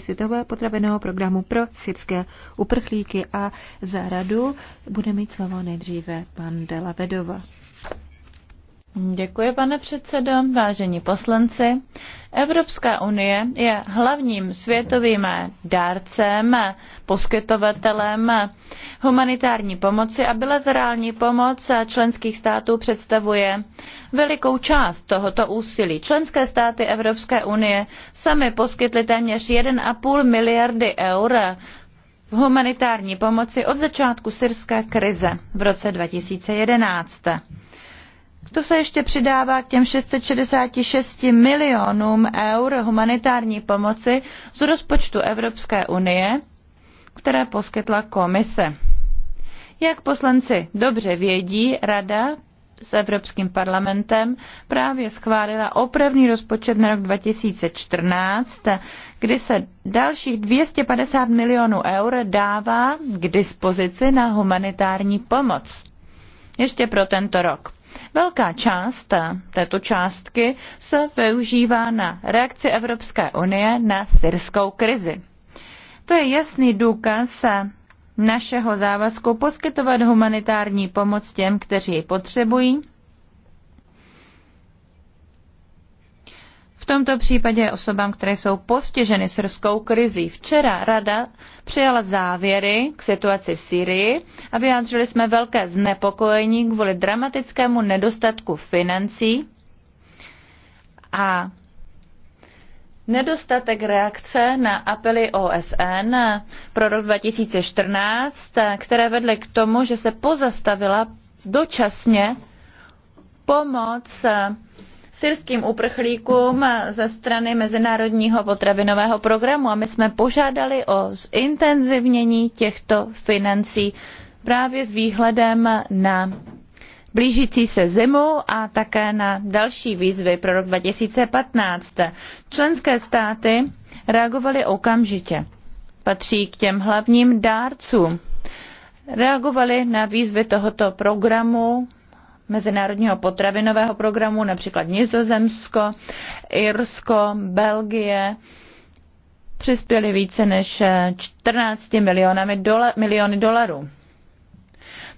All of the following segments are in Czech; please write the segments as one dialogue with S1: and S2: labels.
S1: světového potraveného programu pro syrské uprchlíky a za radu
S2: bude mít slovo nejdříve pan Dela Vedova. Děkuji, pane předsedo, vážení poslanci. Evropská unie je hlavním světovým dárcem, poskytovatelem humanitární pomoci a bilaterální pomoc členských států představuje velikou část tohoto úsilí. Členské státy Evropské unie sami poskytly téměř 1,5 miliardy eur v humanitární pomoci od začátku syrské krize v roce 2011. To se ještě přidává k těm 666 milionům eur humanitární pomoci z rozpočtu Evropské unie, které poskytla komise. Jak poslanci dobře vědí, Rada s Evropským parlamentem právě schválila opravný rozpočet na rok 2014, kdy se dalších 250 milionů eur dává k dispozici na humanitární pomoc. Ještě pro tento rok. Velká část této částky se využívá na reakci Evropské unie na syrskou krizi. To je jasný důkaz našeho závazku poskytovat humanitární pomoc těm, kteří ji potřebují tomto případě osobám, které jsou postiženy srskou krizí. Včera rada přijala závěry k situaci v Syrii a vyjádřili jsme velké znepokojení kvůli dramatickému nedostatku financí a Nedostatek reakce na apely OSN pro rok 2014, které vedly k tomu, že se pozastavila dočasně pomoc syrským uprchlíkům ze strany Mezinárodního potravinového programu a my jsme požádali o zintenzivnění těchto financí právě s výhledem na blížící se zimu a také na další výzvy pro rok 2015. Členské státy reagovaly okamžitě. Patří k těm hlavním dárcům. Reagovali na výzvy tohoto programu mezinárodního potravinového programu, například Nizozemsko, Irsko, Belgie, přispěli více než 14 eh, milionami dola, miliony dolarů.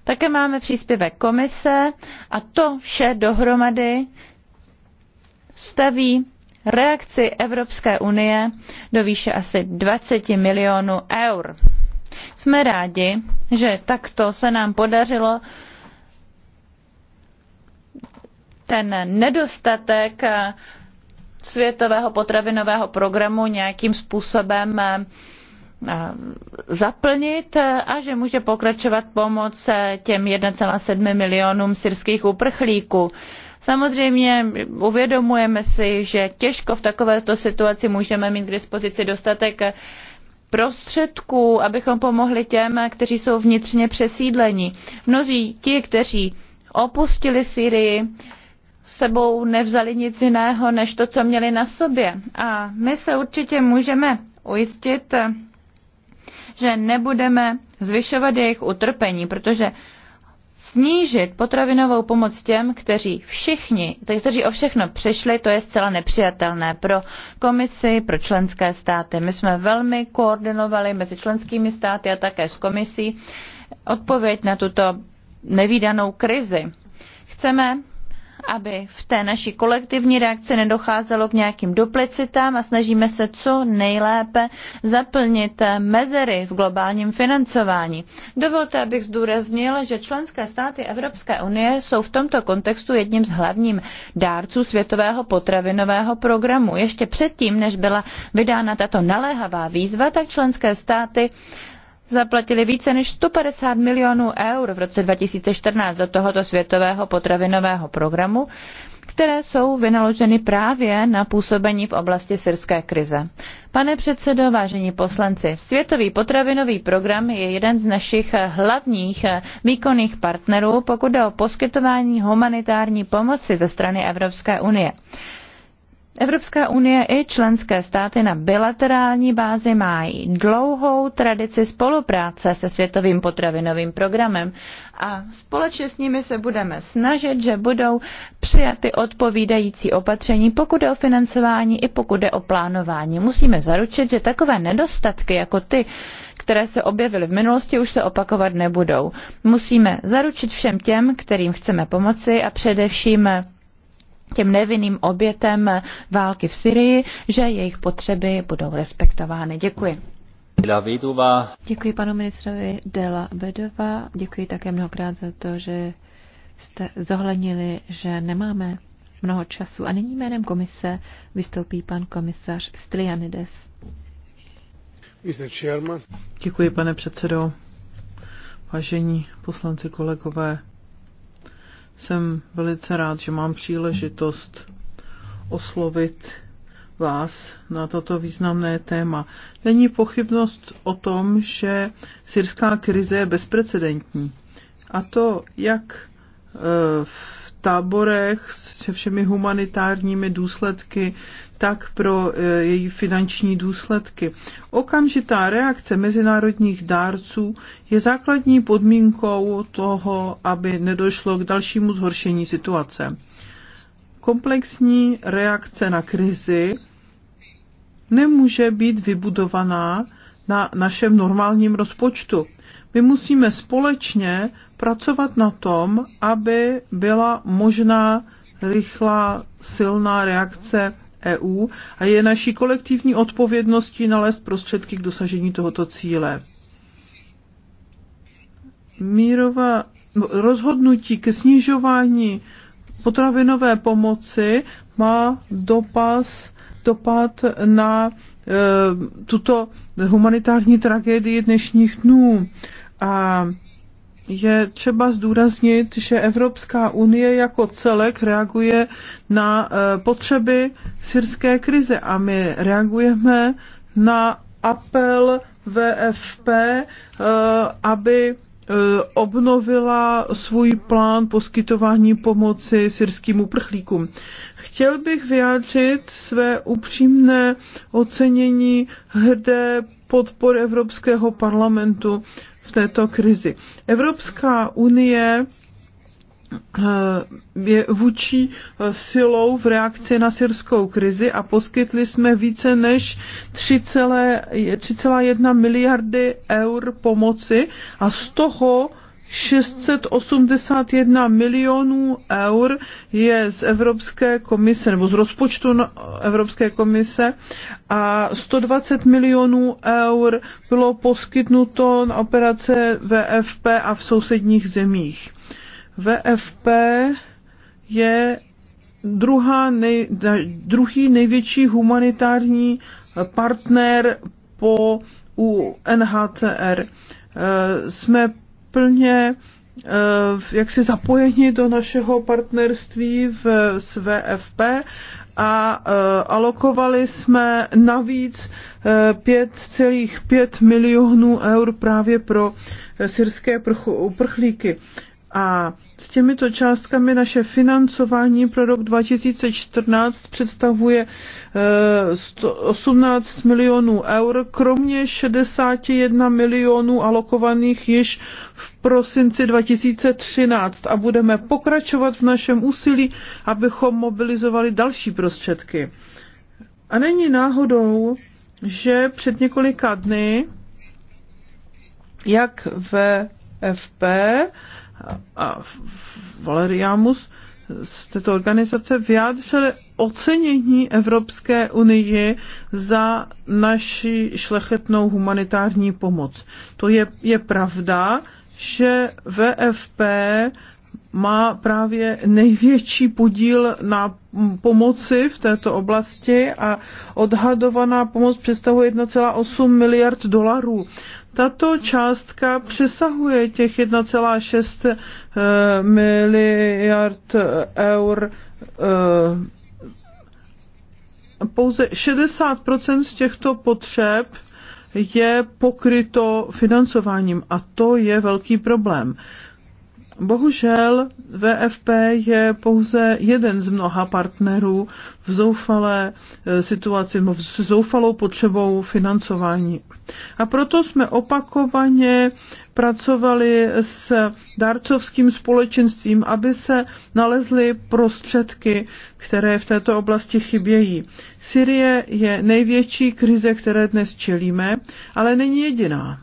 S2: Také máme příspěvek komise a to vše dohromady staví reakci Evropské unie do výše asi 20 milionů eur. Jsme rádi, že takto se nám podařilo ten nedostatek světového potravinového programu nějakým způsobem eh, eh, zaplnit a že může pokračovat pomoc eh, těm 1,7 milionům syrských uprchlíků. Samozřejmě uvědomujeme si, že těžko v takovéto situaci můžeme mít k dispozici dostatek prostředků, abychom pomohli těm, kteří jsou vnitřně přesídleni. Mnozí ti, kteří opustili Syrii, sebou nevzali nic jiného, než to, co měli na sobě. A my se určitě můžeme ujistit, že nebudeme zvyšovat jejich utrpení, protože snížit potravinovou pomoc těm, kteří všichni, kteří o všechno přišli, to je zcela nepřijatelné pro komisi, pro členské státy. My jsme velmi koordinovali mezi členskými státy a také s komisí odpověď na tuto nevýdanou krizi. Chceme aby v té naší kolektivní reakci nedocházelo k nějakým duplicitám a snažíme se co nejlépe zaplnit mezery v globálním financování. Dovolte, abych zdůraznil, že členské státy Evropské unie jsou v tomto kontextu jedním z hlavním dárců světového potravinového programu. Ještě předtím, než byla vydána tato naléhavá výzva, tak členské státy zaplatili více než 150 milionů eur v roce 2014 do tohoto světového potravinového programu, které jsou vynaloženy právě na působení v oblasti syrské krize. Pane předsedo, vážení poslanci, Světový potravinový program je jeden z našich hlavních výkonných partnerů, pokud jde o poskytování humanitární pomoci ze strany Evropské unie. Evropská unie i členské státy na bilaterální bázi mají dlouhou tradici spolupráce se Světovým potravinovým programem a společně s nimi se budeme snažit, že budou přijaty odpovídající opatření, pokud jde o financování i pokud jde o plánování. Musíme zaručit, že takové nedostatky jako ty, které se objevily v minulosti, už se opakovat nebudou. Musíme zaručit všem těm, kterým chceme pomoci a především těm nevinným obětem války v Syrii, že jejich potřeby budou respektovány. Děkuji. Děkuji panu ministrovi Dela Vedova. Děkuji také
S1: mnohokrát za to, že jste zohlednili, že nemáme mnoho času. A nyní jménem komise vystoupí pan komisař Stylianides.
S3: Děkuji, pane předsedo. Vážení poslanci, kolegové, jsem velice rád, že mám příležitost oslovit vás na toto významné téma. Není pochybnost o tom, že syrská krize je bezprecedentní. A to jak eh, v táborech se všemi humanitárními důsledky, tak pro e, její finanční důsledky. Okamžitá reakce mezinárodních dárců je základní podmínkou toho, aby nedošlo k dalšímu zhoršení situace. Komplexní reakce na krizi nemůže být vybudovaná na našem normálním rozpočtu. My musíme společně pracovat na tom, aby byla možná rychlá, silná reakce EU a je naší kolektivní odpovědností nalézt prostředky k dosažení tohoto cíle. Mírová rozhodnutí ke snižování potravinové pomoci má dopas, dopad na e, tuto humanitární tragédii dnešních dnů. A je třeba zdůraznit, že Evropská unie jako celek reaguje na eh, potřeby syrské krize a my reagujeme na apel VFP, eh, aby eh, obnovila svůj plán poskytování pomoci syrským uprchlíkům. Chtěl bych vyjádřit své upřímné ocenění hrdé podpor Evropského parlamentu v této krizi. Evropská unie eh, je vůči eh, silou v reakci na syrskou krizi a poskytli jsme více než 3,1 miliardy eur pomoci a z toho 681 milionů eur je z Evropské komise nebo z rozpočtu no, Evropské komise a 120 milionů eur bylo poskytnuto na operace VFP a v sousedních zemích. VFP je druhá nej, druhý největší humanitární partner po u e, Jsme plně eh, jak si zapojení do našeho partnerství v, s VFP a eh, alokovali jsme navíc 5,5 eh, milionů eur právě pro syrské uprchlíky. A s těmito částkami naše financování pro rok 2014 představuje 18 eh, milionů eur, kromě 61 milionů alokovaných již v prosinci 2013 a budeme pokračovat v našem úsilí, abychom mobilizovali další prostředky. A není náhodou, že před několika dny, jak ve FP, Valeriamus z této organizace vyjádřili ocenění Evropské unii za naši šlechetnou humanitární pomoc. To je, je pravda, že VFP má právě největší podíl na pomoci v této oblasti a odhadovaná pomoc představuje 1,8 miliard dolarů. Tato částka přesahuje těch 1,6 eh, miliard eh, eur eh, pouze 60% z těchto potřeb je pokryto financováním a to je velký problém. Bohužel VFP je pouze jeden z mnoha partnerů v zoufalé eh, situaci, v zoufalou potřebou financování. A proto jsme opakovaně pracovali s dárcovským společenstvím, aby se nalezly prostředky, které v této oblasti chybějí. Syrie je největší krize, které dnes čelíme, ale není jediná.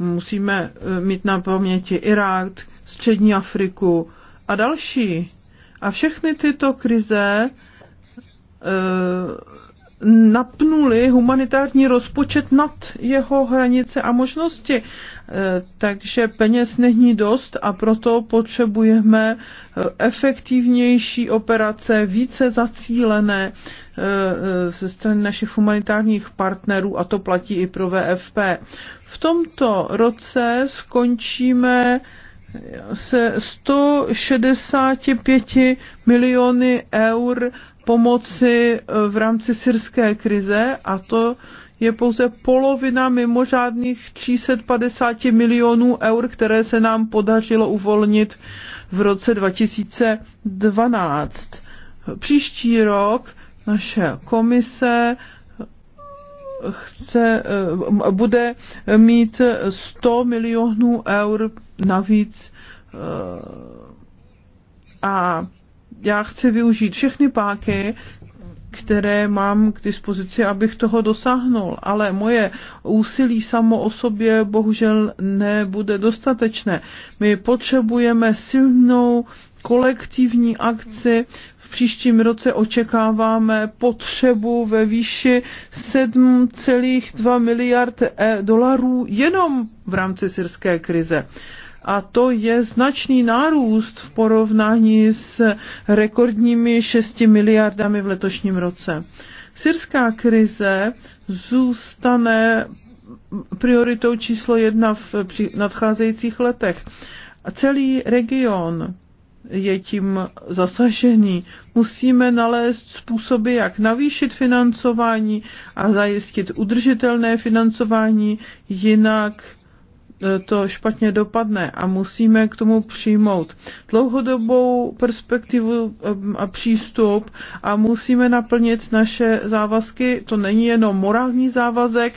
S3: Musíme eh, mít na paměti Irák, Střední Afriku a další. A všechny tyto krize eh, napnuli humanitární rozpočet nad jeho hranice a možnosti. E, takže peněz není dost a proto potřebujeme e, efektivnější operace, více zacílené e, ze strany našich humanitárních partnerů a to platí i pro VFP. V tomto roce skončíme se 165 miliony eur pomoci eh, v rámci syrské krize a to je pouze polovina mimořádných 350 milionů eur, které se nám podařilo uvolnit v roce 2012. Příští rok naše komise chce, eh, bude mít 100 milionů eur navíc eh, a já chci využít všechny páky, které mám k dispozici, abych toho dosáhnul. Ale moje úsilí samo o sobě bohužel nebude dostatečné. My potřebujeme silnou kolektivní akci příštím roce očekáváme potřebu ve výši 7,2 miliard eh, dolarů jenom v rámci syrské krize a to je značný nárůst v porovnání s rekordními 6 miliardami v letošním roce. Syrská krize zůstane prioritou číslo jedna v nadcházejících letech. A celý region je tím zasažený. Musíme nalézt způsoby, jak navýšit financování a zajistit udržitelné financování, jinak E, to špatně dopadne a musíme k tomu přijmout dlouhodobou perspektivu e, a přístup a musíme naplnit naše závazky. To není jenom morální závazek,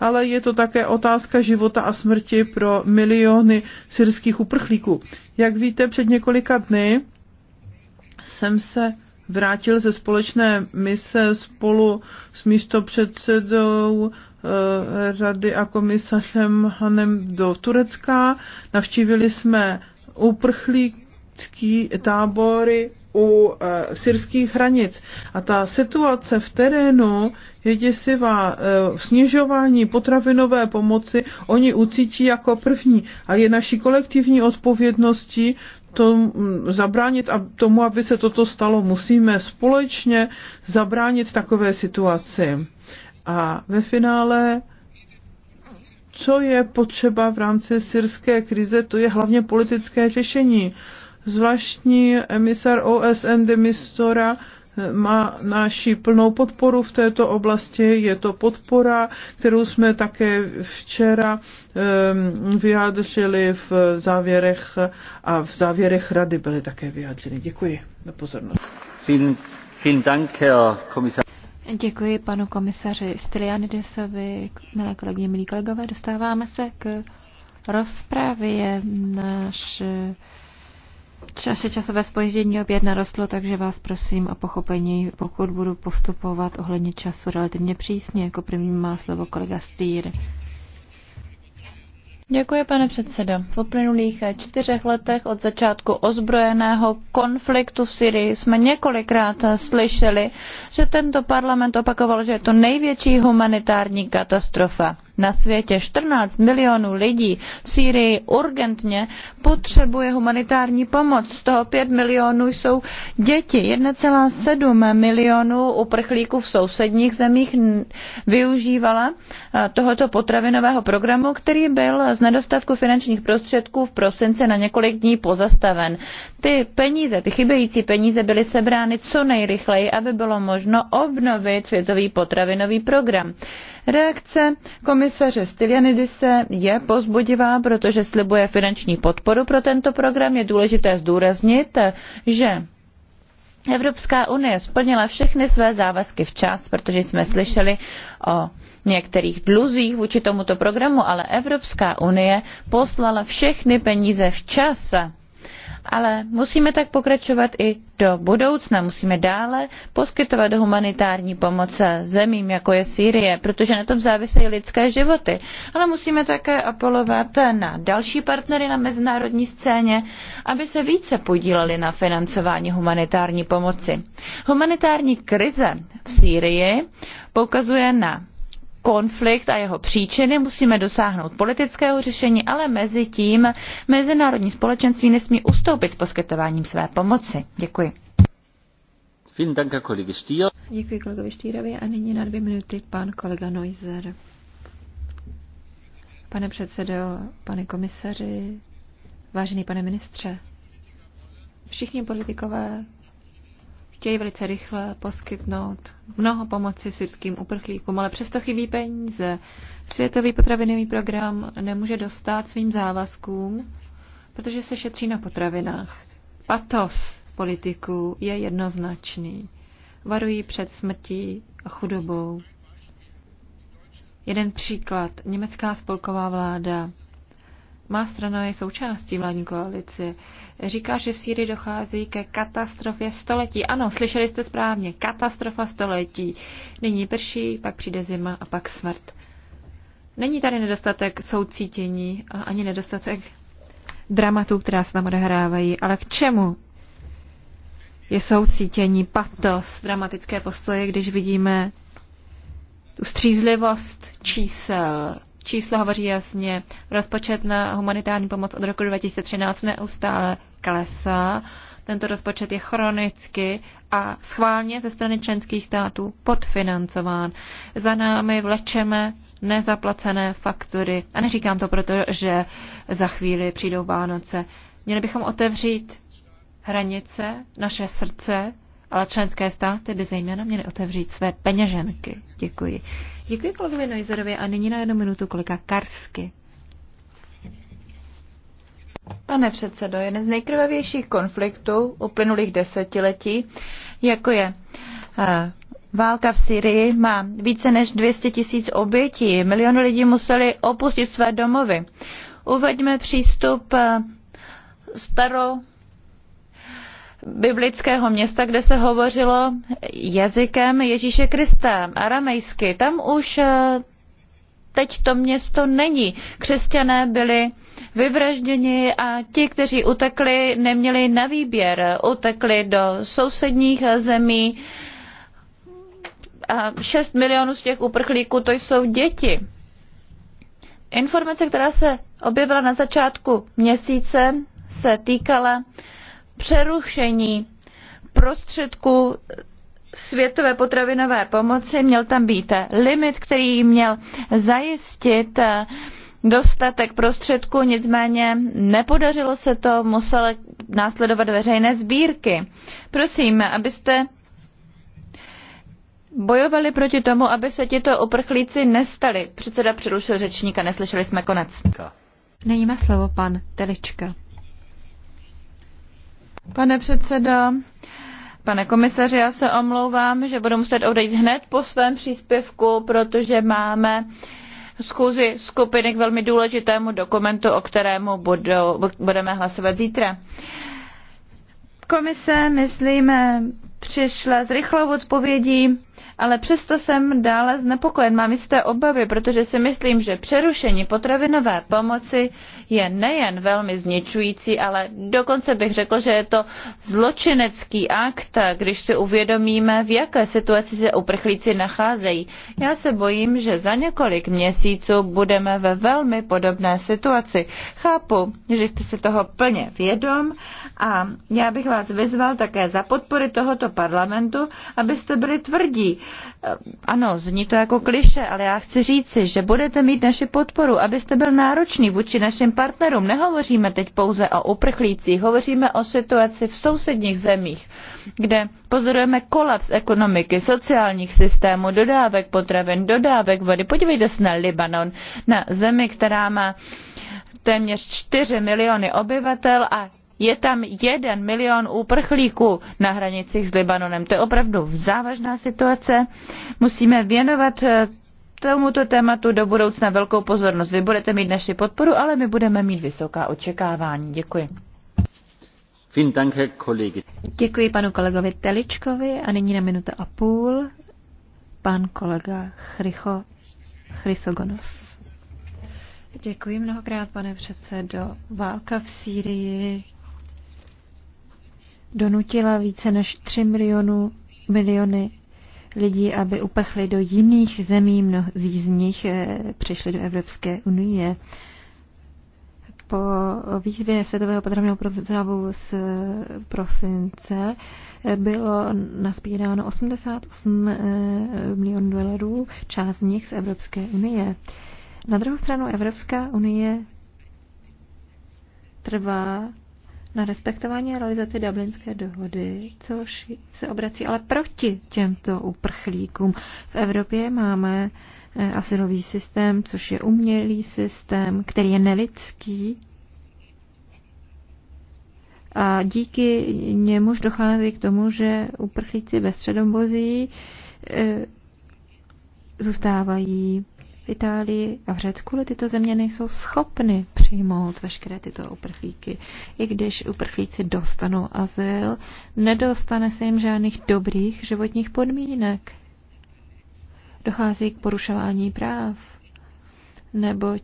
S3: ale je to také otázka života a smrti pro miliony syrských uprchlíků. Jak víte, před několika dny jsem se vrátil ze společné mise spolu s místopředsedou Eh, rady a komisařem Hanem do Turecka. Navštívili jsme uprchlícký tábory u e, syrských hranic. A ta situace v terénu je děsivá. E, snižování potravinové pomoci oni ucítí jako první. A je naší kolektivní odpovědností to zabránit a tomu, aby se toto stalo. Musíme společně zabránit takové situaci. A ve finále, co je potřeba v rámci syrské krize, to je hlavně politické řešení. Zvláštní emisar OSN Demistora eh, má naši plnou podporu v této oblasti. Je to podpora, kterou jsme také včera ehm, vyjádřili v závěrech a v závěrech rady byly také vyjádřeny. Děkuji za pozornost.
S2: Vielen, vielen Dank, Herr Kommissar.
S1: Děkuji panu komisaři Stylianidesovi, milé kolegyně, milí kolegové. Dostáváme se k rozpravě. Náš naše časové spoždění opět narostlo, takže vás prosím o pochopení, pokud budu postupovat ohledně času relativně přísně. Jako první má slovo kolega Stýr.
S2: Děkuji, pane předsedo. V uplynulých eh, čtyřech letech od začátku ozbrojeného konfliktu v Syrii jsme několikrát eh, slyšeli, že tento parlament opakoval, že je to největší humanitární katastrofa na světě. 14 milionů lidí v Sýrii urgentně potřebuje humanitární pomoc. Z toho 5 milionů jsou děti. 1,7 milionů uprchlíků v sousedních zemích využívala eh, tohoto potravinového programu, který byl z nedostatku finančních prostředků v prosinci na několik dní pozastaven. Ty peníze, ty chybějící peníze byly sebrány co nejrychleji, aby bylo možno obnovit světový potravinový program. Reakce komisaře Stylianidise je pozbudivá, protože slibuje finanční podporu pro tento program. Je důležité zdůraznit, že Evropská unie splnila všechny své závazky včas, protože jsme slyšeli o některých dluzích vůči tomuto programu, ale Evropská unie poslala všechny peníze včas ale musíme tak pokračovat i do budoucna. Musíme dále poskytovat humanitární pomoc zemím, jako je Sýrie, protože na tom závisejí lidské životy. Ale musíme také apelovat na další partnery na mezinárodní scéně, aby se více podíleli na financování humanitární pomoci. Humanitární krize v Sýrii poukazuje na konflikt a jeho příčiny, musíme dosáhnout politického řešení, ale mezi tím mezinárodní společenství nesmí ustoupit s poskytováním své pomoci. Děkuji.
S1: Děkuji kolegovi Štýrovi a nyní na dvě minuty pan kolega Neuser. Pane předsedo, pane komisaři, vážený pane ministře, všichni politikové, chtějí velice rychle poskytnout mnoho pomoci syrským uprchlíkům, ale přesto chybí peníze. Světový potravinový program nemůže dostat svým závazkům, protože se šetří na potravinách. Patos politiků je jednoznačný. Varují před smrtí a chudobou. Jeden příklad. Německá spolková vláda má strana je součástí vládní koalice. Říká, že v Sýrii dochází ke katastrofě století. Ano, slyšeli jste správně. Katastrofa století. Nyní prší, pak přijde zima a pak smrt. Není tady nedostatek soucítění a ani nedostatek dramatů, která se tam odehrávají. Ale k čemu je soucítění, patos, dramatické postoje, když vidíme tu střízlivost čísel, čísla hovoří jasně. Rozpočet na humanitární pomoc od roku 2013 neustále klesá. Tento rozpočet je chronicky a schválně ze strany členských států podfinancován. Za námi vlečeme nezaplacené faktury. A neříkám to proto, že za chvíli přijdou Vánoce. Měli bychom otevřít hranice, naše srdce, ale členské státy by zejména měly otevřít své peněženky. Děkuji. Děkuji kolegovi Neuserovi a nyní na jednu minutu kolega Karsky.
S2: Pane předsedo, jeden z nejkrvavějších konfliktů uplynulých desetiletí, jako je eh, Válka v Syrii má více než 200 tisíc obětí. Miliony lidí museli opustit své domovy. Uveďme přístup eh, staro biblického města, kde se hovořilo jazykem Ježíše Krista, aramejsky. Tam už eh, teď to město není. Křesťané byli vyvražděni a ti, kteří utekli, neměli na výběr. Utekli do sousedních zemí a 6 milionů z těch uprchlíků to jsou děti. Informace, která se objevila na začátku měsíce, se týkala přerušení prostředků světové potravinové pomoci, měl tam být limit, který měl zajistit eh, dostatek prostředků, nicméně nepodařilo se to, musely následovat veřejné sbírky. Prosím, abyste bojovali proti tomu, aby se tito uprchlíci nestali. Předseda přerušil řečníka, neslyšeli jsme konec.
S1: Nyní má slovo pan Telička.
S2: Pane předseda, pane komisaři, já se omlouvám, že budu muset odejít hned po svém příspěvku, protože máme schůzi skupiny k velmi důležitému dokumentu, o kterému budou, budeme hlasovat zítra. Komise, myslíme, přišla s rychlou odpovědí ale přesto jsem dále znepokojen. Mám jisté obavy, protože si myslím, že přerušení potravinové pomoci je nejen velmi zničující, ale dokonce bych řekl, že je to zločinecký akt, když si uvědomíme, v jaké situaci se uprchlíci nacházejí. Já se bojím, že za několik měsíců budeme ve velmi podobné situaci. Chápu, že jste se toho plně vědom a já bych vás vyzval také za podpory tohoto parlamentu, abyste byli tvrdí Eh, ano, zní to jako kliše, ale já chci říci, že budete mít naši podporu, abyste byl náročný vůči našim partnerům. Nehovoříme teď pouze o uprchlících, hovoříme o situaci v sousedních zemích, kde pozorujeme kolaps ekonomiky, sociálních systémů, dodávek potravin, dodávek vody. Podívejte se na Libanon, na zemi, která má téměř 4 miliony obyvatel a je tam jeden milion uprchlíků na hranicích s Libanonem. To je opravdu závažná situace. Musíme věnovat eh, tomuto tématu do budoucna velkou pozornost. Vy budete mít naši podporu, ale my budeme mít vysoká očekávání. Děkuji. Děkuji panu kolegovi
S1: Teličkovi a nyní na minutu a půl pan kolega Chrycho Chrysogonos. Děkuji mnohokrát, pane předsedo. Válka v Sýrii donutila více než 3 milionů, miliony lidí, aby uprchli do jiných zemí, mnozí z nich eh, přišli do Evropské unie. Po výzvě Světového potravního programu z eh, prosince eh, bylo naspíráno 88 milionů dolarů, část z nich z Evropské unie. Na druhou stranu Evropská unie trvá na respektování a realizaci Dublinské dohody, což se obrací ale proti těmto uprchlíkům. V Evropě máme eh, asilový systém, což je umělý systém, který je nelidský. A díky němuž dochází k tomu, že uprchlíci ve středobozí eh, zůstávají v Itálii a v Řecku, ale tyto země nejsou schopny přijmout veškeré tyto uprchlíky. I když uprchlíci dostanou azyl, nedostane se jim žádných dobrých životních podmínek. Dochází k porušování práv neboť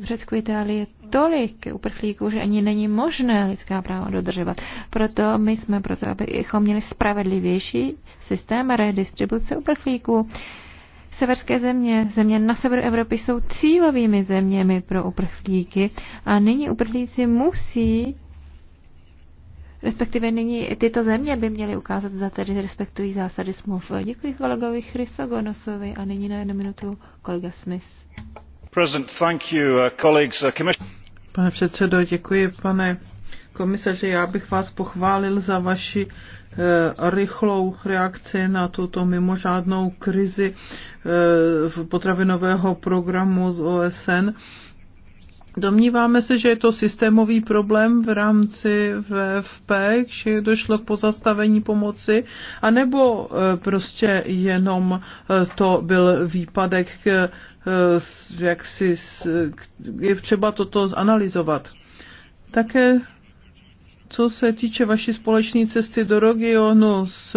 S1: v Řecku Itálii je tolik uprchlíků, že ani není možné lidská práva dodržovat. Proto my jsme proto, abychom měli spravedlivější systém redistribuce uprchlíků. Severské země, země na severu Evropy jsou cílovými zeměmi pro uprchlíky a nyní uprchlíci musí Respektive nyní tyto země by měly ukázat, za tedy respektují zásady smluv. Děkuji kolegovi Chrysogonosovi a nyní na jednu minutu
S3: kolega Smith.
S1: President, thank you, uh, colleagues, uh,
S3: Pane předsedo, děkuji, pane komisaři, já bych vás pochválil za vaši eh, rychlou reakci na tuto mimořádnou krizi eh, potravinového programu z OSN. Domníváme se, že je to systémový problém v rámci VFP, že došlo k pozastavení pomoci, anebo eh, prostě jenom to byl výpadek, jak si je třeba toto zanalizovat. Také co se týče vaší společné cesty do regionu s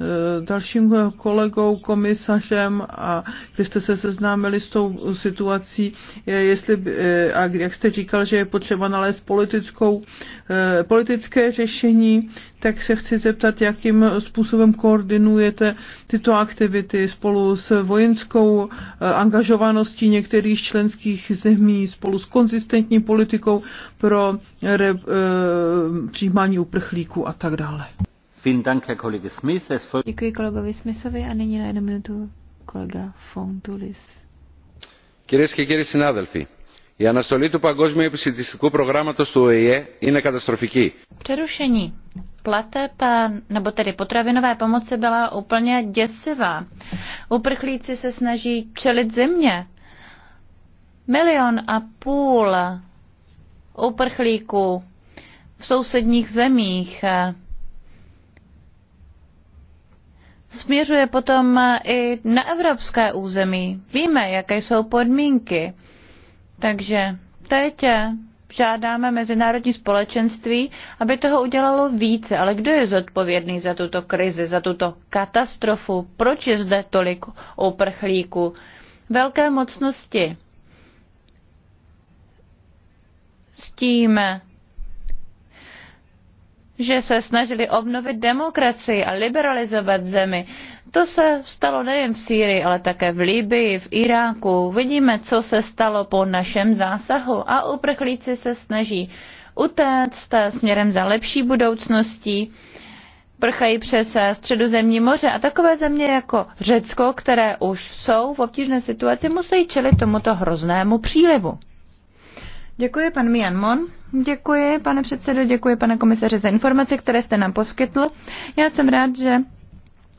S3: Eh, dalším kolegou, komisařem a když jste se seznámili s tou situací, jestli, eh, a jak jste říkal, že je potřeba nalézt politickou, eh, politické řešení, tak se chci zeptat, jakým způsobem koordinujete tyto aktivity spolu s vojenskou angažovaností některých členských zemí, spolu s konzistentní politikou pro re, přijímání uprchlíků a tak dále.
S1: Děkuji kolegovi Smithovi a nyní na jednu minutu kolega Fontulis.
S3: Κυρίες και κύριοι συνάδελφοι, η αναστολή του Παγκόσμιου Επιστημιστικού Προγράμματος του ΟΗΕ είναι καταστροφική.
S2: Přerušení plateb, nebo tedy potravinové pomoci byla úplně děsivá. Uprchlíci se snaží čelit zimě. Milion a půl uprchlíků v sousedních zemích směřuje potom eh, i na evropské území. Víme, jaké jsou podmínky. Takže teď eh, žádáme mezinárodní společenství, aby toho udělalo více. Ale kdo je zodpovědný za tuto krizi, za tuto katastrofu? Proč je zde tolik uprchlíků? Velké mocnosti s tím eh, že se snažili obnovit demokracii a liberalizovat zemi. To se stalo nejen v Sýrii, ale také v Líbii, v Iráku. Vidíme, co se stalo po našem zásahu a uprchlíci se snaží utéct směrem za lepší budoucností prchají přes středozemní moře a takové země jako Řecko, které už jsou v obtížné situaci, musí čelit tomuto hroznému přílivu. Děkuji, pan Mian Mon. Děkuji, pane předsedo, děkuji, pane komisaře za informace, které jste nám poskytl. Já jsem rád, že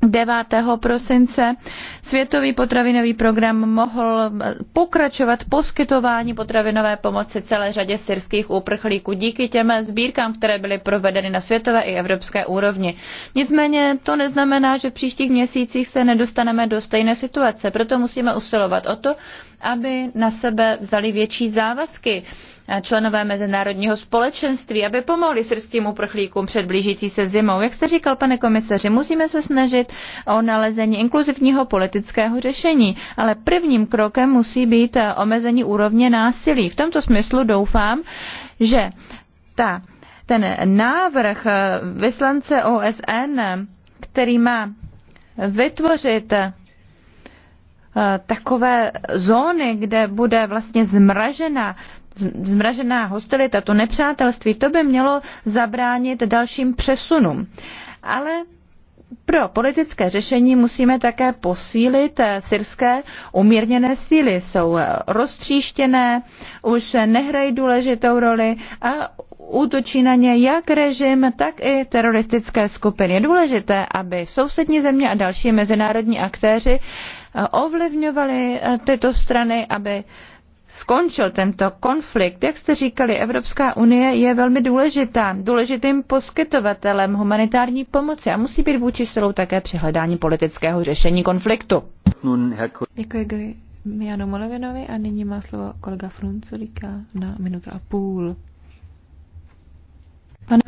S2: 9. prosince Světový potravinový program mohl pokračovat poskytování potravinové pomoci celé řadě syrských úprchlíků díky těm sbírkám, které byly provedeny na světové i evropské úrovni. Nicméně to neznamená, že v příštích měsících se nedostaneme do stejné situace, proto musíme usilovat o to, aby na sebe vzali větší závazky členové mezinárodního společenství, aby pomohli syrským uprchlíkům před blížící se zimou. Jak jste říkal, pane komisaři, musíme se snažit o nalezení inkluzivního politického řešení, ale prvním krokem musí být omezení úrovně násilí. V tomto smyslu doufám, že ta, ten návrh vyslance OSN, který má vytvořit Eh, takové zóny, kde bude vlastně zmražena zmražená hostilita, to nepřátelství, to by mělo zabránit dalším přesunům. Ale pro politické řešení musíme také posílit eh, syrské umírněné síly. Jsou eh, roztříštěné, už nehrají důležitou roli a útočí na ně jak režim, tak i teroristické skupiny. Je důležité, aby sousední země a další mezinárodní aktéři ovlivňovali eh, tyto strany, aby skončil tento konflikt. Jak jste říkali, Evropská unie je velmi důležitá, důležitým poskytovatelem humanitární pomoci a musí být vůči silou také při hledání politického řešení konfliktu. Děkuji
S1: Janu Molevinovi a nyní má slovo kolega Frunculika na minutu a půl.
S3: Pane,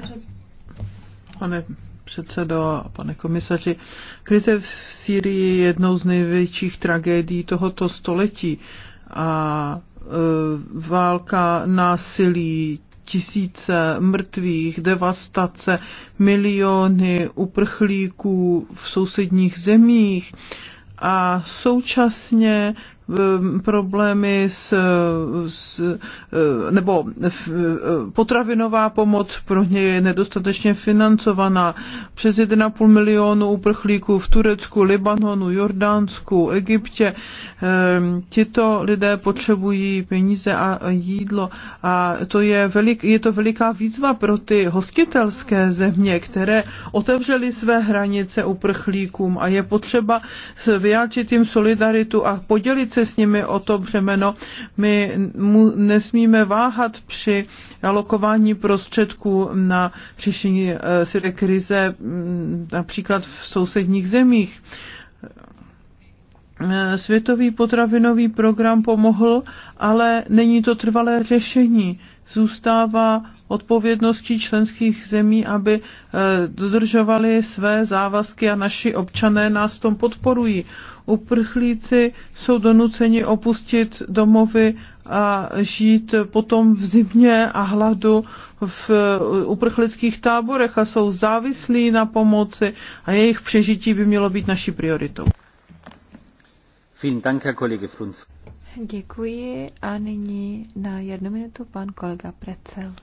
S3: Pane předsedo a pane komisaři. Krize v Sýrii je jednou z největších tragédií tohoto století a e, válka násilí, tisíce mrtvých, devastace, miliony uprchlíků v sousedních zemích a současně Ehm, problémy s, s eh, nebo eh, potravinová pomoc pro ně je nedostatečně financovaná. Přes 1,5 milionu uprchlíků v Turecku, Libanonu, Jordánsku, Egyptě. Ehm, tito lidé potřebují peníze a jídlo a to je, velik, je to veliká výzva pro ty hostitelské země, které otevřely své hranice uprchlíkům a je potřeba vyjádřit jim solidaritu a podělit se s nimi o to břemeno. My mu nesmíme váhat při alokování prostředků na řešení eh, syry krize mm, například v sousedních zemích. Eh, světový potravinový program pomohl, ale není to trvalé řešení. Zůstává odpovědností členských zemí, aby eh, dodržovali své závazky a naši občané nás v tom podporují uprchlíci jsou donuceni opustit domovy a žít potom v zimě a hladu v uprchlických táborech a jsou závislí na pomoci a jejich přežití by mělo být naší prioritou.
S1: Děkuji a nyní na jednu minutu pan kolega Precel.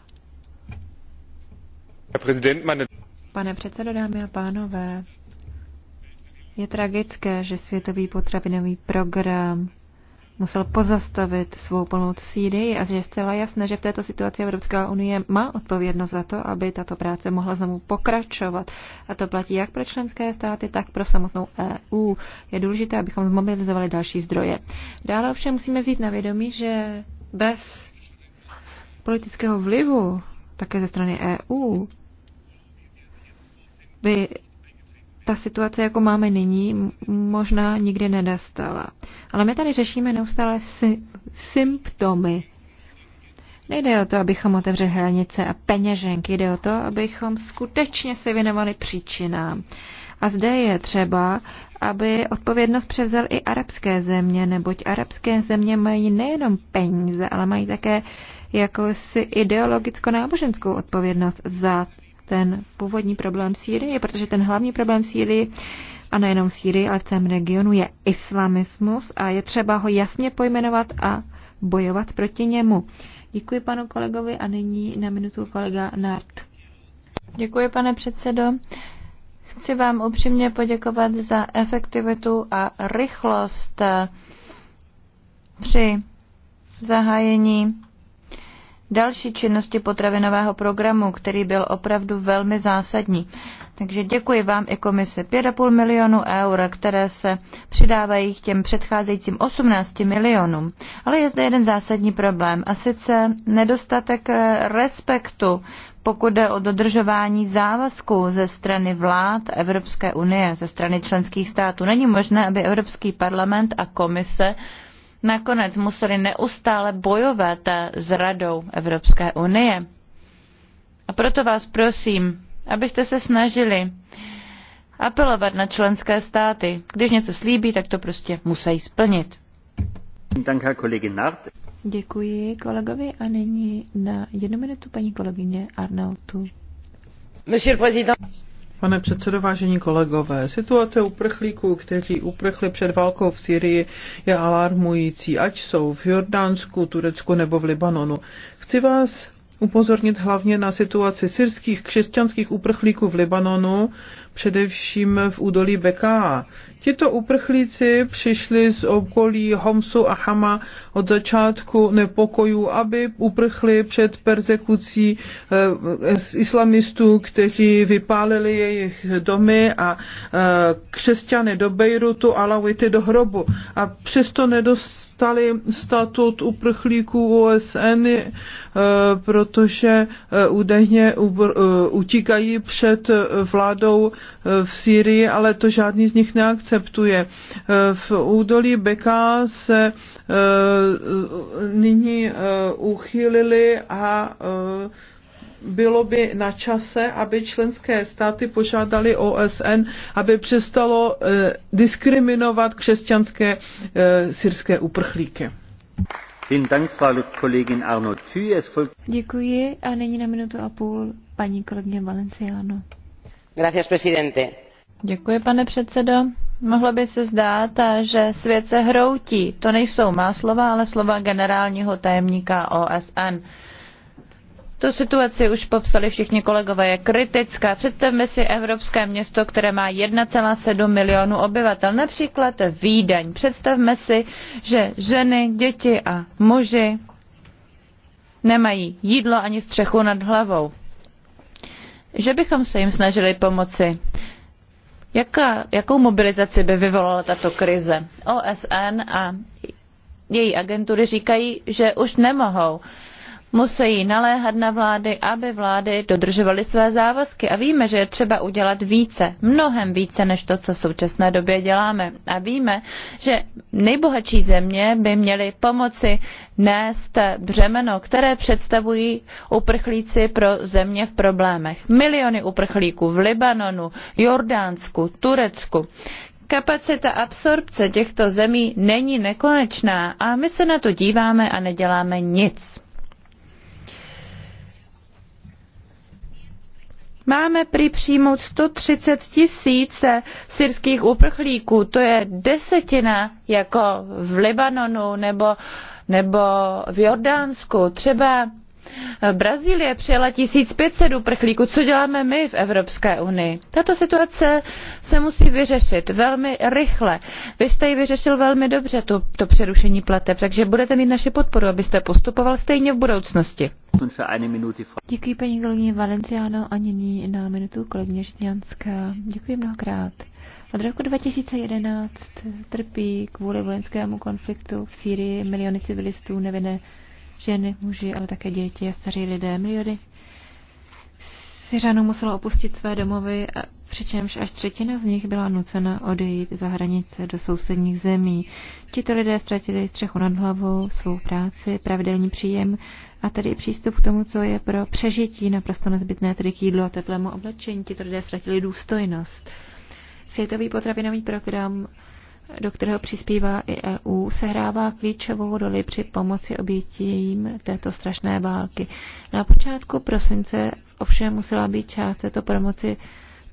S1: Pane předsedo, dámy a pánové, je tragické, že Světový potravinový program musel pozastavit svou pomoc v Sýrii a že je zcela jasné, že v této situaci Evropská unie má odpovědnost za to, aby tato práce mohla znovu pokračovat. A to platí jak pro členské státy, tak pro samotnou EU. Je důležité, abychom zmobilizovali další zdroje. Dále ovšem musíme vzít na vědomí, že bez politického vlivu také ze strany EU by ta situace, jako máme nyní, možná nikdy nedostala. Ale my tady řešíme neustále sy- symptomy. Nejde o to, abychom otevřeli hranice a peněženky, jde o to, abychom skutečně se věnovali příčinám. A zde je třeba, aby odpovědnost převzal i arabské země, neboť arabské země mají nejenom peníze, ale mají také jakousi ideologicko-náboženskou odpovědnost za ten původní problém Sýrie, protože ten hlavní problém Sýrie a nejenom v Sýrii, ale v celém regionu je islamismus a je třeba ho jasně pojmenovat a bojovat proti němu. Děkuji panu kolegovi a nyní na
S2: minutu kolega Nart. Děkuji, pane předsedo. Chci vám upřímně poděkovat za efektivitu a rychlost při zahájení další činnosti potravinového programu, který byl opravdu velmi zásadní. Takže děkuji vám i komise. 5,5 milionu eur, které se přidávají k těm předcházejícím 18 milionům. Ale je zde jeden zásadní problém a sice nedostatek eh, respektu pokud jde o dodržování závazků ze strany vlád Evropské unie, ze strany členských států. Není možné, aby Evropský parlament a komise nakonec museli neustále bojovat s Radou Evropské unie. A proto vás prosím, abyste se snažili apelovat na členské státy. Když něco slíbí, tak to prostě musí splnit. Děkuji kolegovi a nyní na jednu minutu
S1: paní kolegyně Arnautu.
S3: Pane předsedo, vážení kolegové, situace uprchlíků, kteří uprchli před válkou v Syrii, je alarmující, ať jsou v Jordánsku, Turecku nebo v Libanonu. Chci vás upozornit hlavně na situaci syrských křesťanských uprchlíků v Libanonu, především v údolí Beká. Tito uprchlíci přišli z okolí Homsu a Hama od začátku nepokojů, aby uprchli před persekucí eh, islamistů, kteří vypálili jejich domy a eh, křesťany do Bejrutu, Alawity do hrobu. A přesto nedost dostali statut uprchlíků OSN, eh, protože eh, údajně eh, utíkají před vládou v Sýrii, ale to žádný z nich neakceptuje. V údolí Beka se nyní uchýlili a bylo by na čase, aby členské státy požádali OSN, aby přestalo eh, diskriminovat křesťanské eh, syrské uprchlíky.
S1: Děkuji a není na minutu a půl paní kolegyně
S2: Valenciano.
S1: Gracias, presidente.
S2: Děkuji, pane předsedo. Mohlo by se zdát, eh, že svět se hroutí. To nejsou má slova, ale slova generálního tajemníka OSN. Tu situaci už popsali všichni kolegové, je kritická. Představme si evropské město, které má 1,7 milionu obyvatel, například Vídeň. Představme si, že ženy, děti a muži nemají jídlo ani střechu nad hlavou. Že bychom se jim snažili pomoci. Jaká, jakou mobilizaci by vyvolala tato krize? OSN a její agentury říkají, že už nemohou musí naléhat na vlády, aby vlády dodržovaly své závazky. A víme, že je třeba udělat více, mnohem více, než to, co v současné době děláme. A víme, že nejbohatší země by měly pomoci nést břemeno, které představují uprchlíci pro země v problémech. Miliony uprchlíků v Libanonu, Jordánsku, Turecku, kapacita absorpce těchto zemí není nekonečná a my se na to díváme a neděláme nic. Máme prý přijmout 130 tisíc syrských uprchlíků, to je desetina jako v Libanonu nebo, nebo v Jordánsku. Třeba Brazílie přijala 1500 uprchlíků. Co děláme my v Evropské unii? Tato situace se musí vyřešit velmi rychle. Vy jste ji vyřešil velmi dobře, to, to přerušení plateb, takže budete mít naši podporu, abyste postupoval stejně v budoucnosti.
S1: Děkuji paní kolegyně Valenciano a nyní na minutu kolegyně Žitňanská. Děkuji mnohokrát. Od roku 2011 trpí kvůli vojenskému konfliktu v Sýrii miliony civilistů nevinné ženy, muži, ale také děti a staří lidé. Miliony Syřanů muselo opustit své domovy, a přičemž až třetina z nich byla nucena odejít za hranice do sousedních zemí. Tito lidé ztratili střechu nad hlavou, svou práci, pravidelný příjem a tedy i přístup k tomu, co je pro přežití naprosto nezbytné, tedy k jídlu a teplému oblečení. Tito lidé ztratili důstojnost. Světový potravinový program do kterého přispívá i EU, sehrává klíčovou roli při pomoci obětím této strašné války. Na počátku prosince ovšem musela být část této pomoci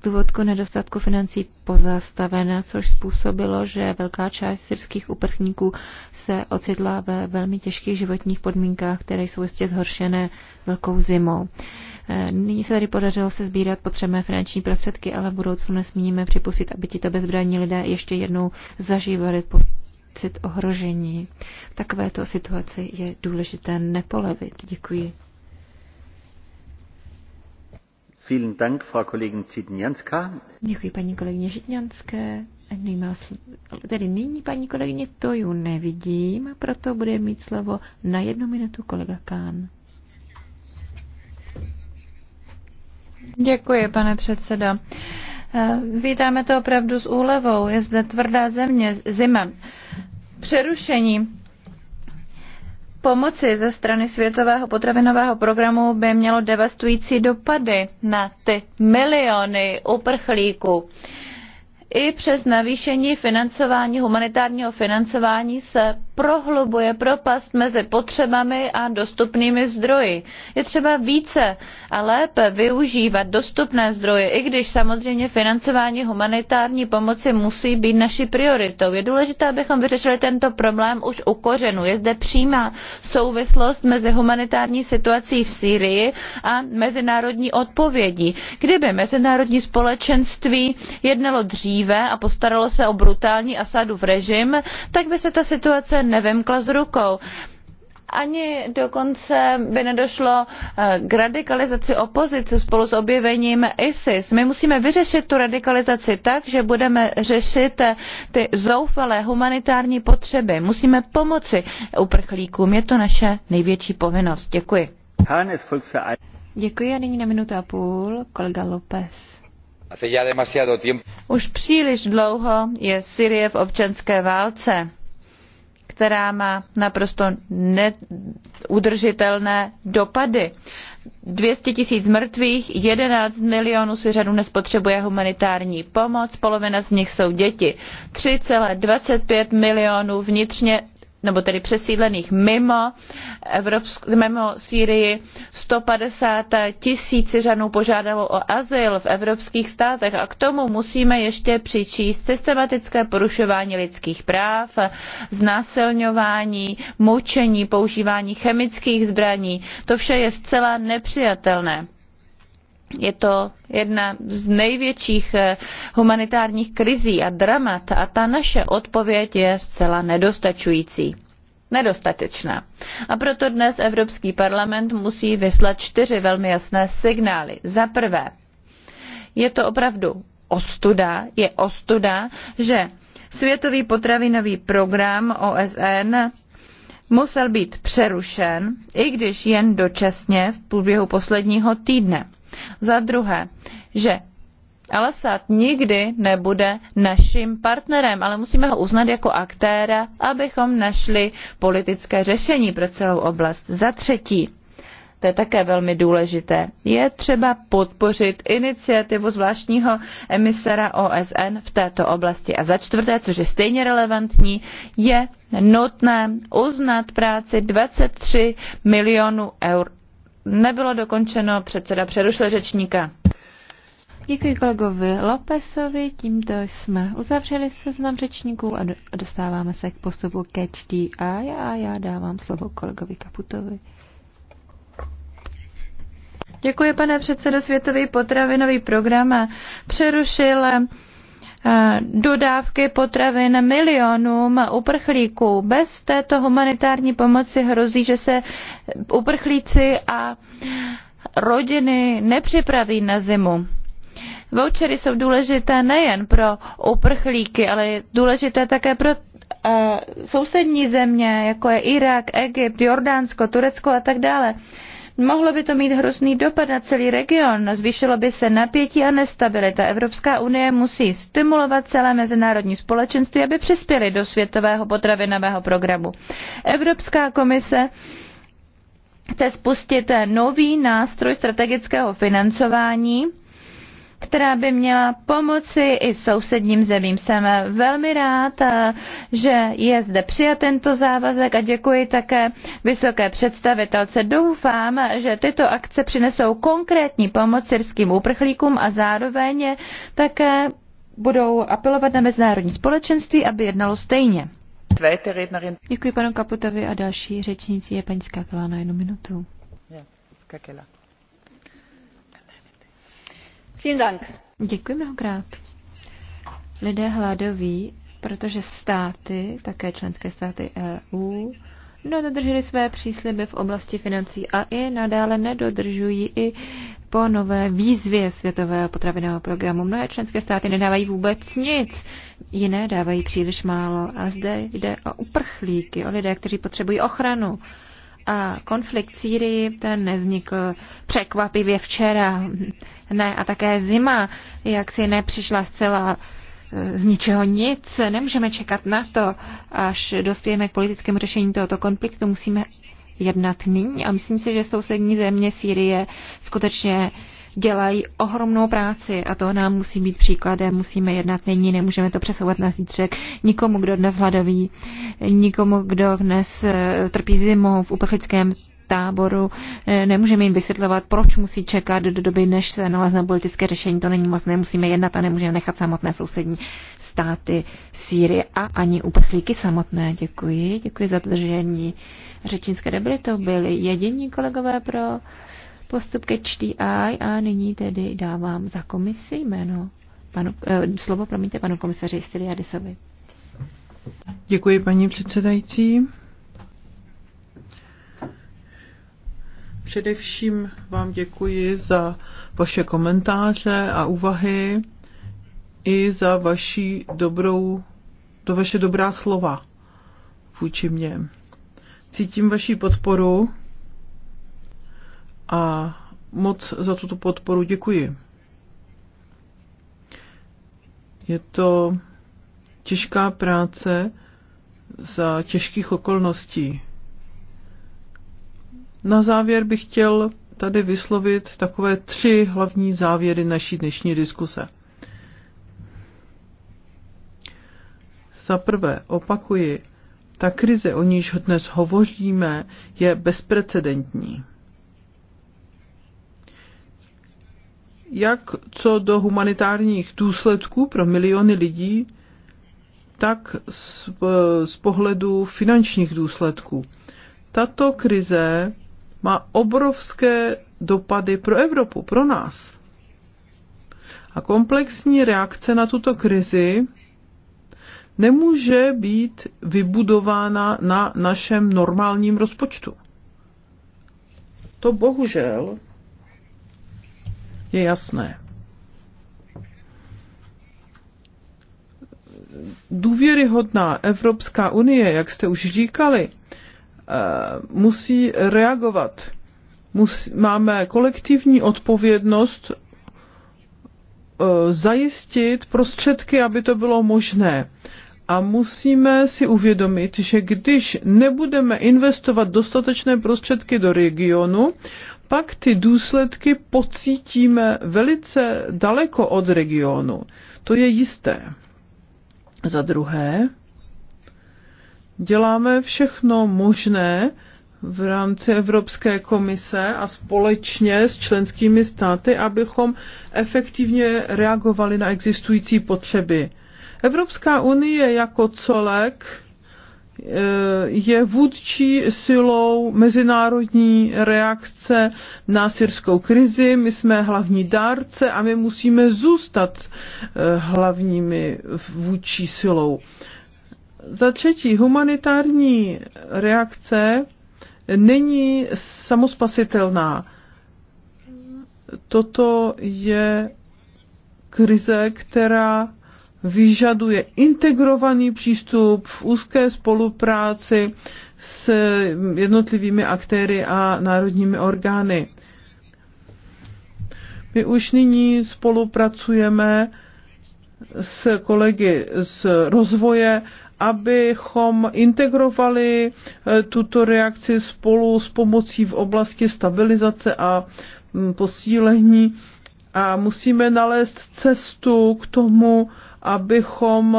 S1: důvodku nedostatku financí pozastavena, což způsobilo, že velká část syrských uprchníků se ocitla ve velmi těžkých životních podmínkách, které jsou jistě zhoršené velkou zimou. Eh, nyní se tady podařilo se sbírat potřebné finanční prostředky, ale v budoucnu nesmíme připustit, aby tito bezbranní lidé ještě jednou zažívali pocit ohrožení. V takovéto situaci je důležité nepolevit. Děkuji. Děkuji paní kolegyně Žitňanské. Tedy nyní paní kolegyně Toju nevidím, proto bude mít slovo na jednu minutu kolega Kán.
S2: Děkuji, pane předsedo. Eh, vítáme to opravdu s úlevou. Je zde tvrdá země, zima. Přerušení pomoci ze strany Světového potravinového programu by mělo devastující dopady na ty miliony uprchlíků i přes navýšení financování, humanitárního financování se prohlubuje propast mezi potřebami a dostupnými zdroji. Je třeba více a lépe využívat dostupné zdroje, i když samozřejmě financování humanitární pomoci musí být naší prioritou. Je důležité, abychom vyřešili tento problém už u kořenu. Je zde přímá souvislost mezi humanitární situací v Sýrii a mezinárodní odpovědí. Kdyby mezinárodní společenství jednalo dříve, dříve a postaralo se o brutální Asadův režim, tak by se ta situace nevymkla z rukou ani dokonce by nedošlo eh, k radikalizaci opozice spolu s objevením isis. my musíme vyřešit tu radikalizaci tak že budeme řešit eh, ty zoufalé humanitární potřeby. musíme pomoci uprchlíkům je to naše největší povinnost. děkuji. Děkuji a nyní na minutu a půl kolega López. Už příliš dlouho je Syrie v občanské válce, která má naprosto neudržitelné dopady. 200 tisíc mrtvých, 11 milionů Syřanů nespotřebuje humanitární pomoc, polovina z nich jsou děti. 3,25 milionů vnitřně nebo tedy přesídlených mimo, Evropsk- mimo Sýrii. 150 tisíc Syřanů požádalo o azyl v evropských státech a k tomu musíme ještě přičíst systematické porušování lidských práv, znásilňování, mučení, používání chemických zbraní. To vše je zcela nepřijatelné je to jedna z největších eh, humanitárních krizí a dramat a ta naše odpověď je zcela nedostačující nedostatečná. A proto dnes Evropský parlament musí vyslat čtyři velmi jasné signály. Za prvé, je to opravdu ostuda, je ostuda, že Světový potravinový program OSN musel být přerušen, i když jen dočasně v průběhu posledního týdne. Za druhé, že Al-Assad nikdy nebude naším partnerem, ale musíme ho uznat jako aktéra, abychom našli politické řešení pro celou oblast. Za třetí, to je také velmi důležité. Je třeba podpořit iniciativu zvláštního emisera OSN v této oblasti. A za čtvrté, což je stejně relevantní, je nutné uznat práci 23 milionů eur nebylo dokončeno. Předseda přerušil řečníka.
S1: Děkuji kolegovi Lopesovi, tímto jsme uzavřeli seznam řečníků a dostáváme se k postupu ke čtí a já, já dávám slovo kolegovi Kaputovi.
S2: Děkuji, pane předsedo. Světový potravinový program přerušil Eh, dodávky potravin milionům uprchlíků. Bez této humanitární pomoci hrozí, že se uprchlíci a rodiny nepřipraví na zimu. Vouchery jsou důležité nejen pro uprchlíky, ale je důležité také pro uh, sousední země, jako je Irák, Egypt, Jordánsko, Turecko a tak dále. Uh, Mohlo by to mít hrozný dopad na celý region, zvýšilo by se napětí a nestabilita. Evropská unie musí stimulovat celé mezinárodní společenství, aby přispěli do světového potravinového programu. Evropská komise chce spustit nový nástroj strategického financování, která by měla pomoci i sousedním zemím. Jsem velmi rád, eh, že je zde přijat tento závazek a děkuji také vysoké představitelce. Doufám, že tyto akce přinesou konkrétní pomoc syrským uprchlíkům a zároveň také budou apelovat na mezinárodní společenství, aby jednalo stejně. Děkuji panu
S1: Kaputovi a další řečnici je paní Skakela na jednu minutu. Ja, Vielen Dank. Děkuji mnohokrát. Lidé hladoví, protože státy, také členské státy EU, nedodržely své přísliby v oblasti financí a i nadále nedodržují i po nové výzvě Světového potravinového programu. Mnohé členské státy nedávají vůbec nic, jiné dávají příliš málo a zde jde o uprchlíky, o lidé, kteří potřebují ochranu. A konflikt Sýrii ten nevznikl překvapivě včera. Ne, a také zima, jak si nepřišla zcela e, z ničeho nic. Nemůžeme čekat na to, až dospějeme k politickému řešení tohoto konfliktu. Musíme jednat nyní a myslím si, že sousední země Sýrie skutečně dělají ohromnou práci a to nám musí být příkladem, musíme jednat nyní, nemůžeme to přesouvat na zítřek nikomu, kdo dnes hladoví, nikomu, kdo dnes eh, trpí zimou v uprchlickém táboru. Eh, nemůžeme jim vysvětlovat, proč musí čekat do doby, než se nalezne politické řešení. To není moc, nemusíme jednat a nemůžeme nechat samotné sousední státy Sýrie a ani uprchlíky samotné. Děkuji, děkuji za držení řečnické debily. To byli jediní kolegové pro postup ke HDI a nyní tedy dávám za komisi jméno, panu, eh, slovo, promiňte, panu komisaři Stiliadisovi.
S3: Děkuji, paní předsedající. Především vám děkuji za vaše komentáře a úvahy i za vaši dobrou, to vaše dobrá slova vůči mně. Cítím vaši podporu a moc za tuto podporu děkuji. Je to těžká práce za těžkých okolností. Na závěr bych chtěl tady vyslovit takové tři hlavní závěry naší dnešní diskuse. Za prvé, opakuji, ta krize, o níž dnes hovoříme, je bezprecedentní. jak co do humanitárních důsledků pro miliony lidí, tak z, z pohledu finančních důsledků. Tato krize má obrovské dopady pro Evropu, pro nás. A komplexní reakce na tuto krizi nemůže být vybudována na našem normálním rozpočtu. To bohužel je jasné. Důvěryhodná Evropská unie, jak jste už říkali, eh, musí reagovat. Musí, máme kolektivní odpovědnost eh, zajistit prostředky, aby to bylo možné. A musíme si uvědomit, že když nebudeme investovat dostatečné prostředky do regionu, pak ty důsledky pocítíme velice daleko od regionu. To je jisté. Za druhé, děláme všechno možné v rámci Evropské komise a společně s členskými státy, abychom efektivně reagovali na existující potřeby. Evropská unie jako celek Eh, je vůdčí silou mezinárodní reakce na syrskou krizi. My jsme hlavní dárce a my musíme zůstat eh, hlavními vůdčí silou. Za třetí, humanitární reakce není samospasitelná. Toto je krize, která vyžaduje integrovaný přístup v úzké spolupráci s jednotlivými aktéry a národními orgány. My už nyní spolupracujeme s kolegy z rozvoje, abychom integrovali eh, tuto reakci spolu s pomocí v oblasti stabilizace a mm, posílení a musíme nalézt cestu k tomu, abychom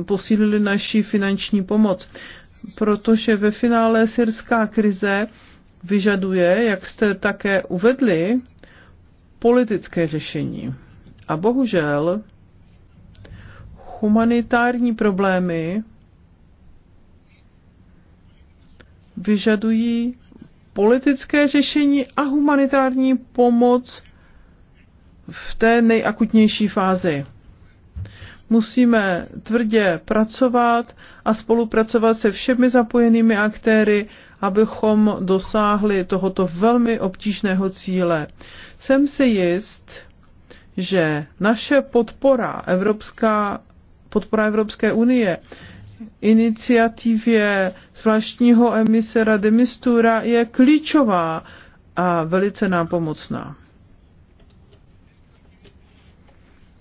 S3: eh, posílili naši finanční pomoc. Protože ve finále syrská krize vyžaduje, jak jste také uvedli, politické řešení. A bohužel humanitární problémy vyžadují politické řešení a humanitární pomoc v té nejakutnější fázi musíme tvrdě pracovat a spolupracovat se všemi zapojenými aktéry, abychom dosáhli tohoto velmi obtížného cíle. Jsem si jist, že naše podpora, evropská, podpora Evropské unie iniciativě zvláštního emisera Demistura je klíčová a velice nápomocná.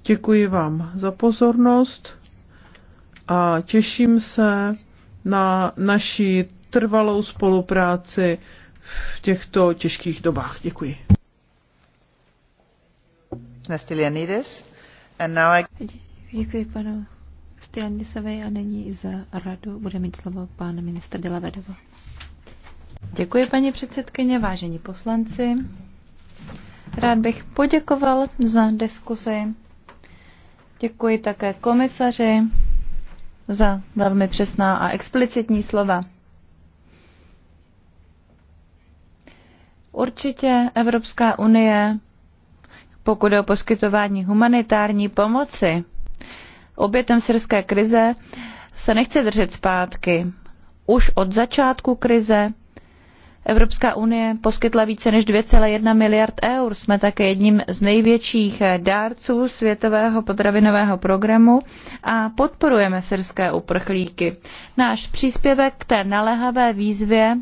S3: Děkuji vám za pozornost a těším se na naší trvalou spolupráci v těchto těžkých dobách. Děkuji.
S1: Děkuji panu Stylianisovi a nyní za radu bude mít slovo pan ministr Dělavedova.
S2: Děkuji paní předsedkyně, vážení poslanci. Rád bych poděkoval za diskusi Děkuji také komisaři za velmi přesná a explicitní slova. Určitě Evropská unie, pokud je o poskytování humanitární pomoci obětem syrské krize, se nechce držet zpátky. Už od začátku krize Evropská unie poskytla více než 2,1 miliard eur. Jsme také jedním z největších dárců Světového potravinového programu a podporujeme syrské uprchlíky. Náš příspěvek k té naléhavé výzvě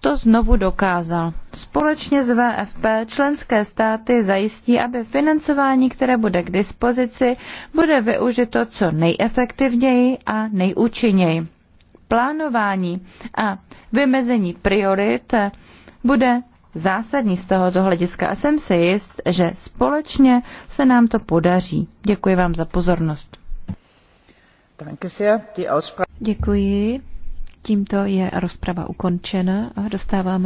S2: to znovu dokázal. Společně s VFP členské státy zajistí, aby financování, které bude k dispozici, bude využito co nejefektivněji a nejúčinněji plánování a vymezení priorit bude zásadní z tohoto hlediska a jsem si jist, že společně se nám to podaří. Děkuji vám za pozornost.
S1: Děkuji. Tímto je rozprava ukončena a dostáváme